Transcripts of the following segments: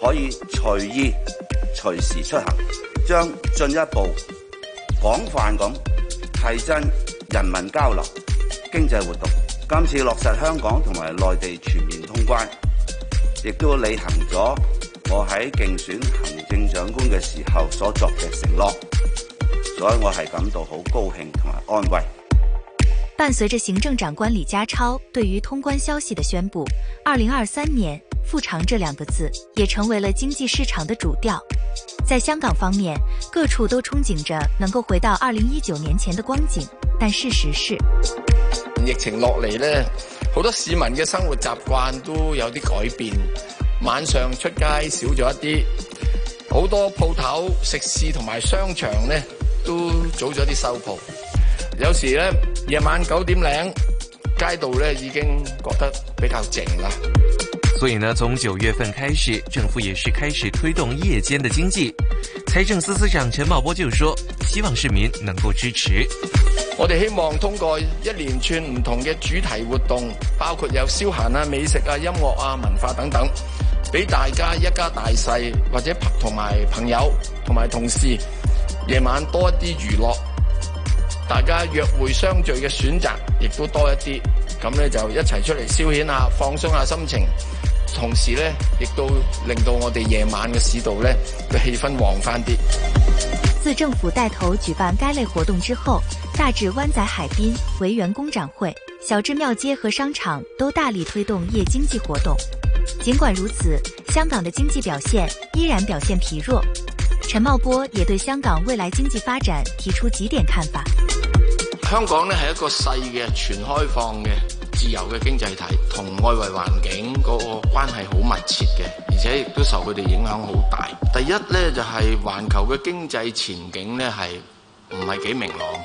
可以隨意、隨時出行，將進一步廣泛咁提振人民交流、經濟活動。今次落實香港同埋內地全面通關，亦都履行咗我喺競選行政長官嘅時候所作嘅承諾，所以我係感到好高興同埋安慰。伴隨着行政長官李家超對於通關消息的宣布，二零二三年復常這兩個字也成為了經濟市場的主調。在香港方面，各處都憧憬着能夠回到二零一九年前的光景，但事實是疫情落嚟咧，好多市民嘅生活習慣都有啲改變，晚上出街少咗一啲，好多鋪頭食肆同埋商場咧都早咗啲收鋪。有時咧，夜晚九點零，街道咧已經覺得比較靜啦。所以呢，從九月份開始，政府也是開始推動夜間的經濟。財政司司長陳茂波就說，希望市民能夠支持。我哋希望通過一連串唔同嘅主題活動，包括有消閒啊、美食啊、音樂啊、文化等等，俾大家一家大細或者同埋朋友同埋同事，夜晚多一啲娛樂。大家約會相聚嘅選擇亦都多一啲，咁咧就一齊出嚟消遣下、放鬆下心情，同時咧亦都令到我哋夜晚嘅市道咧嘅氣氛旺翻啲。自政府帶頭舉辦該類活動之後，大至灣仔海濱為員工展會，小至廟街和商場都大力推動夜經濟活動。儘管如此，香港嘅經濟表現依然表現疲弱。陳茂波也對香港未來經濟發展提出幾點看法。香港呢係一個細嘅全開放嘅自由嘅經濟體，同外圍環境嗰個關係好密切嘅，而且亦都受佢哋影響好大。第一呢，就係環球嘅經濟前景呢係唔係幾明朗。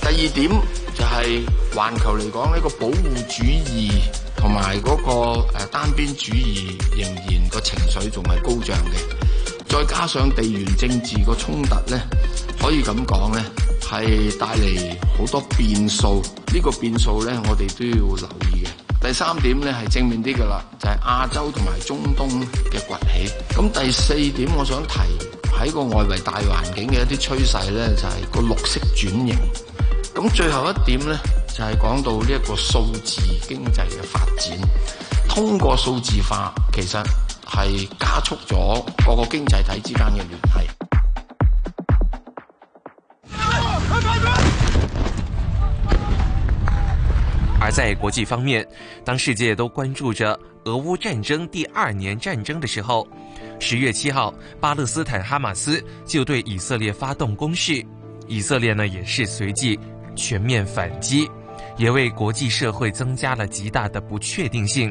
第二點就係環球嚟講呢個保護主義同埋嗰個誒單邊主義仍然個情緒仲係高漲嘅。再加上地緣政治個衝突咧，可以咁講咧，係帶嚟好多變數，呢個變數咧，我哋都要留意嘅。第三點咧係正面啲嘅啦，就係亞洲同埋中東嘅崛起。咁第四點，我想提喺個外圍大環境嘅一啲趨勢咧，就係個綠色轉型。咁最後一點咧，就係講到呢一個數字經濟嘅發展。通過數字化，其實。係加速咗各個經濟體之間嘅聯繫。而在國際方面，當世界都關注着俄烏戰爭第二年戰爭的時候，十月七號巴勒斯坦哈馬斯就對以色列發動攻勢，以色列呢也是隨即全面反擊，也為國際社會增加了極大的不確定性。